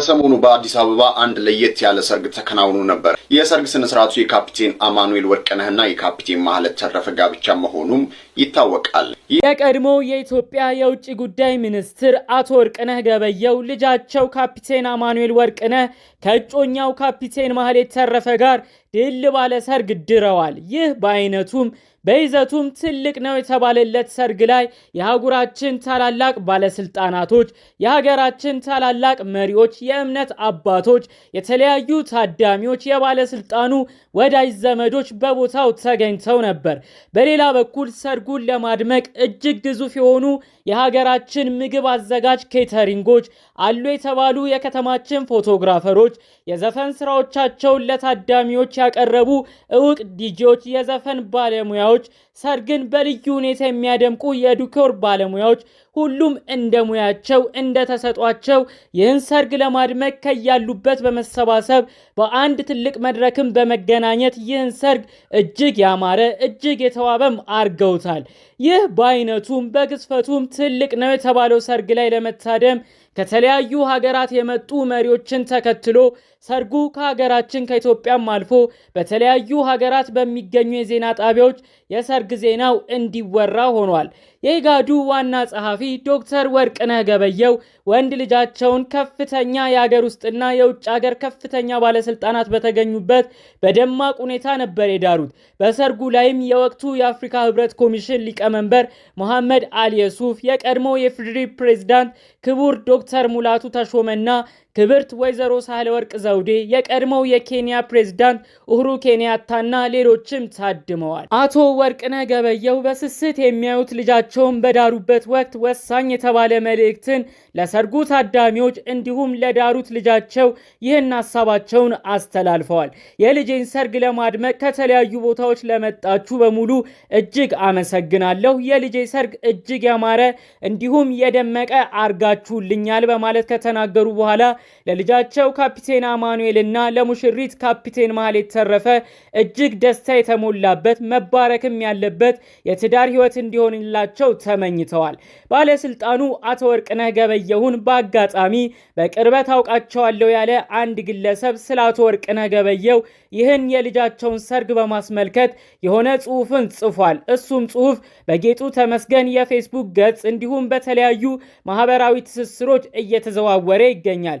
ከሰሞኑ በአዲስ አበባ አንድ ለየት ያለ ሰርግ ተከናውኖ ነበር። የሰርግ ስነ ስርዓቱ የካፒቴን አማኑኤል ወርቅነህና የካፒቴን ማህለት ተረፈ ጋብቻ መሆኑም ይታወቃል። የቀድሞ የኢትዮጵያ የውጭ ጉዳይ ሚኒስትር አቶ ወርቅነህ ገበየው ልጃቸው ካፒቴን አማኑኤል ወርቅነህ ከእጮኛው ካፒቴን ማህሌት ተረፈ ጋር ድል ባለ ሰርግ ድረዋል። ይህ በአይነቱም በይዘቱም ትልቅ ነው የተባለለት ሰርግ ላይ የአህጉራችን ታላላቅ ባለስልጣናቶች፣ የሀገራችን ታላላቅ መሪዎች፣ የእምነት አባቶች፣ የተለያዩ ታዳሚዎች፣ የባለስልጣኑ ወዳጅ ዘመዶች በቦታው ተገኝተው ነበር። በሌላ በኩል ሰርጉን ለማድመቅ እጅግ ግዙፍ የሆኑ የሀገራችን ምግብ አዘጋጅ ኬተሪንጎች አሉ የተባሉ የከተማችን ፎቶግራፈሮች የዘፈን ስራዎቻቸውን ለታዳሚዎች ያቀረቡ እውቅ ዲጂዎች የዘፈን ባለሙያዎች፣ ሰርግን በልዩ ሁኔታ የሚያደምቁ የዱኮር ባለሙያዎች ሁሉም እንደ ሙያቸው እንደ ተሰጧቸው ይህን ሰርግ ለማድመቅ ከያሉበት በመሰባሰብ በአንድ ትልቅ መድረክም በመገናኘት ይህን ሰርግ እጅግ ያማረ እጅግ የተዋበም አርገውታል። ይህ በአይነቱም በግዝፈቱም ትልቅ ነው የተባለው ሰርግ ላይ ለመታደም ከተለያዩ ሀገራት የመጡ መሪዎችን ተከትሎ ሰርጉ ከሀገራችን ከኢትዮጵያም አልፎ በተለያዩ ሀገራት በሚገኙ የዜና ጣቢያዎች የሰርግ ዜናው እንዲወራ ሆኗል። የኢጋዱ ዋና ጸሐፊ ዶክተር ወርቅነህ ገበየው ወንድ ልጃቸውን ከፍተኛ የአገር ውስጥና የውጭ ሀገር ከፍተኛ ባለስልጣናት በተገኙበት በደማቅ ሁኔታ ነበር የዳሩት። በሰርጉ ላይም የወቅቱ የአፍሪካ ህብረት ኮሚሽን ሊቀመንበር መሐመድ አልየሱፍ፣ የቀድሞ የፍድሪ ፕሬዚዳንት ክቡር ዶክተር ዶክተር ሙላቱ ተሾመና ክብርት ወይዘሮ ሳህለ ወርቅ ዘውዴ፣ የቀድሞው የኬንያ ፕሬዝዳንት ኡሁሩ ኬንያታና ሌሎችም ታድመዋል። አቶ ወርቅነህ ገበየሁ በስስት የሚያዩት ልጃቸውን በዳሩበት ወቅት ወሳኝ የተባለ መልእክትን ለሰርጉ ታዳሚዎች እንዲሁም ለዳሩት ልጃቸው ይህን ሀሳባቸውን አስተላልፈዋል። የልጄን ሰርግ ለማድመቅ ከተለያዩ ቦታዎች ለመጣችሁ በሙሉ እጅግ አመሰግናለሁ። የልጄ ሰርግ እጅግ ያማረ እንዲሁም የደመቀ አርጋችሁልኛል በማለት ከተናገሩ በኋላ ለልጃቸው ካፒቴን አማኑኤልና ለሙሽሪት ካፒቴን ማህሌት የተረፈ እጅግ ደስታ የተሞላበት መባረክም ያለበት የትዳር ህይወት እንዲሆንላቸው ተመኝተዋል። ባለስልጣኑ አቶ ወርቅነህ ገበየሁን በአጋጣሚ በቅርበት አውቃቸዋለሁ ያለ አንድ ግለሰብ ስለ አቶ ወርቅነህ ገበየው ይህን የልጃቸውን ሰርግ በማስመልከት የሆነ ጽሁፍን ጽፏል። እሱም ጽሁፍ በጌጡ ተመስገን የፌስቡክ ገጽ እንዲሁም በተለያዩ ማህበራዊ ትስስሮች እየተዘዋወረ ይገኛል።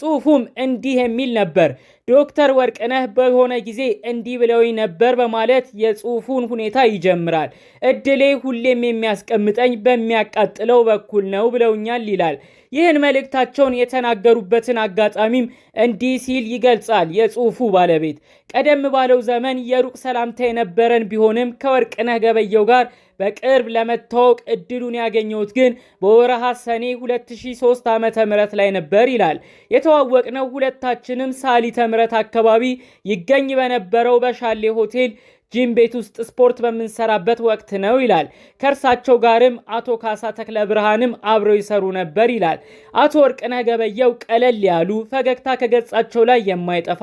ጽሑፉም እንዲህ የሚል ነበር። ዶክተር ወርቅነህ በሆነ ጊዜ እንዲህ ብለውኝ ነበር በማለት የጽሑፉን ሁኔታ ይጀምራል። እድሌ ሁሌም የሚያስቀምጠኝ በሚያቃጥለው በኩል ነው ብለውኛል ይላል። ይህን መልእክታቸውን የተናገሩበትን አጋጣሚም እንዲህ ሲል ይገልጻል የጽሑፉ ባለቤት። ቀደም ባለው ዘመን የሩቅ ሰላምታ የነበረን ቢሆንም ከወርቅነህ ገበየው ጋር በቅርብ ለመታወቅ እድሉን ያገኘሁት ግን በወረሃ ሰኔ 2003 ዓ.ም ላይ ነበር ይላል። የተዋወቅነው ሁለታችንም ሳሊተ ምሕረት አካባቢ ይገኝ በነበረው በሻሌ ሆቴል ጂም ቤት ውስጥ ስፖርት በምንሰራበት ወቅት ነው ይላል። ከእርሳቸው ጋርም አቶ ካሳ ተክለ ብርሃንም አብረው ይሰሩ ነበር ይላል። አቶ ወርቅነህ ገበየው ቀለል ያሉ ፈገግታ ከገጻቸው ላይ የማይጠፋ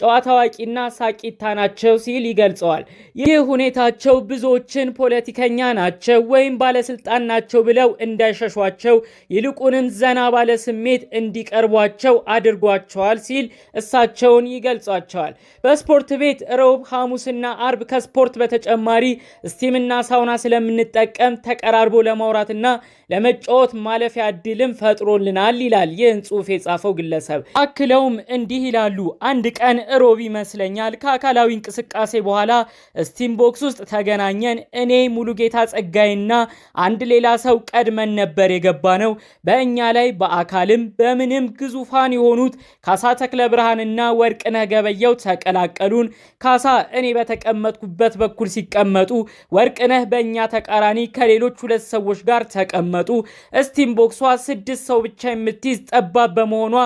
ጨዋታ አዋቂና ሳቂታ ናቸው ሲል ይገልጸዋል። ይህ ሁኔታቸው ብዙዎችን ፖለቲከኛ ናቸው ወይም ባለስልጣን ናቸው ብለው እንዳይሸሿቸው ይልቁንም ዘና ባለ ስሜት እንዲቀርቧቸው አድርጓቸዋል ሲል እሳቸውን ይገልጿቸዋል። በስፖርት ቤት ሮብ፣ ሐሙስና አርብ ከስፖርት በተጨማሪ ስቲምና ሳውና ስለምንጠቀም ተቀራርቦ ለማውራትና ለመጫወት ማለፊያ እድልም ፈጥሮልናል ይላል ይህን ጽሁፍ የጻፈው ግለሰብ። አክለውም እንዲህ ይላሉ። አንድ ቀን እሮብ ይመስለኛል ከአካላዊ እንቅስቃሴ በኋላ ስቲም ቦክስ ውስጥ ተገናኘን። እኔ ሙሉጌታ ጸጋይና አንድ ሌላ ሰው ቀድመን ነበር የገባ ነው። በእኛ ላይ በአካልም በምንም ግዙፋን የሆኑት ካሳ ተክለ ብርሃንና ወርቅነህ ገበየው ተቀላቀሉን። ካሳ እኔ በተቀመጡ በተቀመጥኩበት በኩል ሲቀመጡ ወርቅነህ በእኛ ተቃራኒ ከሌሎች ሁለት ሰዎች ጋር ተቀመጡ። እስቲም ቦክሷ ስድስት ሰው ብቻ የምትይዝ ጠባብ በመሆኗ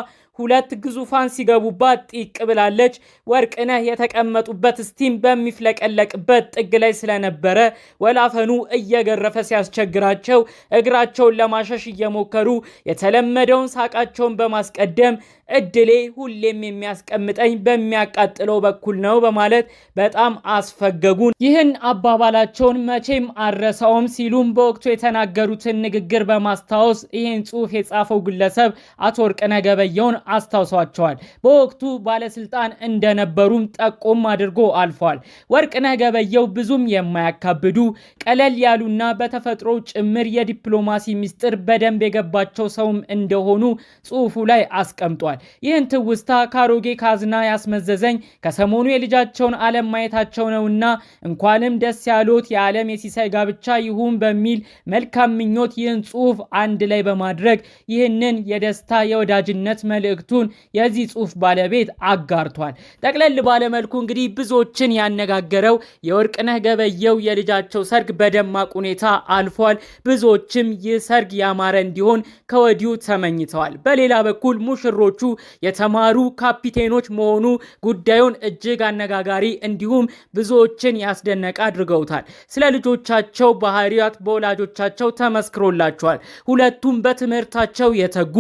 ሁለት ግዙፋን ሲገቡባት ጢቅ ብላለች። ወርቅነህ የተቀመጡበት ስቲም በሚፍለቀለቅበት ጥግ ላይ ስለነበረ ወላፈኑ እየገረፈ ሲያስቸግራቸው እግራቸውን ለማሸሽ እየሞከሩ የተለመደውን ሳቃቸውን በማስቀደም እድሌ ሁሌም የሚያስቀምጠኝ በሚያቃጥለው በኩል ነው በማለት በጣም አስፈገጉን። ይህን አባባላቸውን መቼም አረሳውም ሲሉም በወቅቱ የተናገሩትን ንግግር በማስታወስ ይህን ጽሑፍ የጻፈው ግለሰብ አቶ ወርቅነህ ገበየሁን አስታውሷቸዋል። በወቅቱ ባለስልጣን እንደነበሩም ጠቆም አድርጎ አልፏል። ወርቅነህ ገበየሁ ብዙም የማያካብዱ ቀለል ያሉና በተፈጥሮ ጭምር የዲፕሎማሲ ሚስጥር በደንብ የገባቸው ሰውም እንደሆኑ ጽሑፉ ላይ አስቀምጧል። ይህን ትውስታ ካሮጌ ካዝና ያስመዘዘኝ ከሰሞኑ የልጃቸውን ዓለም ማየታቸው ነውና እንኳንም ደስ ያሎት የዓለም የሲሳይ ጋብቻ ይሁን በሚል መልካም ምኞት ይህን ጽሑፍ አንድ ላይ በማድረግ ይህንን የደስታ የወዳጅነት መልእክቱን የዚህ ጽሑፍ ባለቤት አጋርቷል። ጠቅለል ባለመልኩ እንግዲህ ብዙዎችን ያነጋገረው የወርቅነህ ገበየው የልጃቸው ሰርግ በደማቅ ሁኔታ አልፏል። ብዙዎችም ይህ ሰርግ ያማረ እንዲሆን ከወዲሁ ተመኝተዋል። በሌላ በኩል ሙሽሮቹ የተማሩ ካፒቴኖች መሆኑ ጉዳዩን እጅግ አነጋጋሪ እንዲሁም ብዙዎችን ያስደነቀ አድርገውታል። ስለ ልጆቻቸው ባህሪያት በወላጆቻቸው ተመስክሮላቸዋል። ሁለቱም በትምህርታቸው የተጉ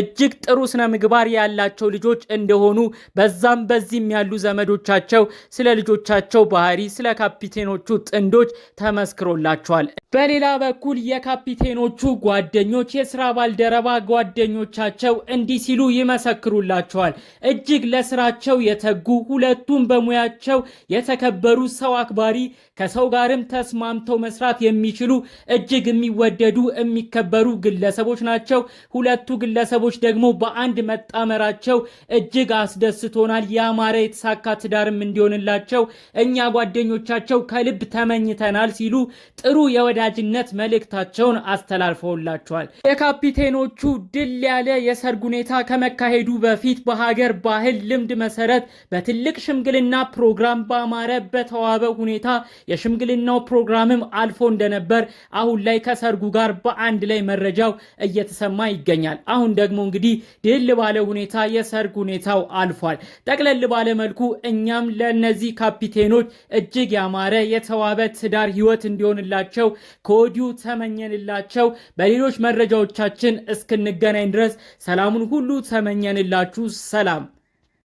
እጅግ ጥሩ ስነ ምግባር ያላቸው ልጆች እንደሆኑ በዛም በዚህም ያሉ ዘመዶቻቸው ስለ ልጆቻቸው ባህሪ ስለ ካፒቴኖቹ ጥንዶች ተመስክሮላቸዋል። በሌላ በኩል የካፒቴኖቹ ጓደኞች የስራ ባልደረባ ጓደኞቻቸው እንዲህ ሲሉ ይመሰ ይመሰክሩላቸዋል። እጅግ ለስራቸው የተጉ ሁለቱም በሙያቸው የተከበሩ ሰው አክባሪ ከሰው ጋርም ተስማምተው መስራት የሚችሉ እጅግ የሚወደዱ የሚከበሩ ግለሰቦች ናቸው። ሁለቱ ግለሰቦች ደግሞ በአንድ መጣመራቸው እጅግ አስደስቶናል። ያማረ የተሳካ ትዳርም እንዲሆንላቸው እኛ ጓደኞቻቸው ከልብ ተመኝተናል ሲሉ ጥሩ የወዳጅነት መልእክታቸውን አስተላልፈውላቸዋል። የካፒቴኖቹ ድል ያለ የሰርግ ሁኔታ ከመካሄዱ በፊት በሀገር ባህል ልምድ መሰረት በትልቅ ሽምግልና ፕሮግራም በአማረ በተዋበ ሁኔታ የሽምግልናው ፕሮግራምም አልፎ እንደነበር አሁን ላይ ከሰርጉ ጋር በአንድ ላይ መረጃው እየተሰማ ይገኛል። አሁን ደግሞ እንግዲህ ድል ባለ ሁኔታ የሰርግ ሁኔታው አልፏል። ጠቅለል ባለ መልኩ እኛም ለእነዚህ ካፒቴኖች እጅግ ያማረ የተዋበ ትዳር ህይወት እንዲሆንላቸው ከወዲሁ ተመኘንላቸው። በሌሎች መረጃዎቻችን እስክንገናኝ ድረስ ሰላሙን ሁሉ ተመኘንላችሁ። ሰላም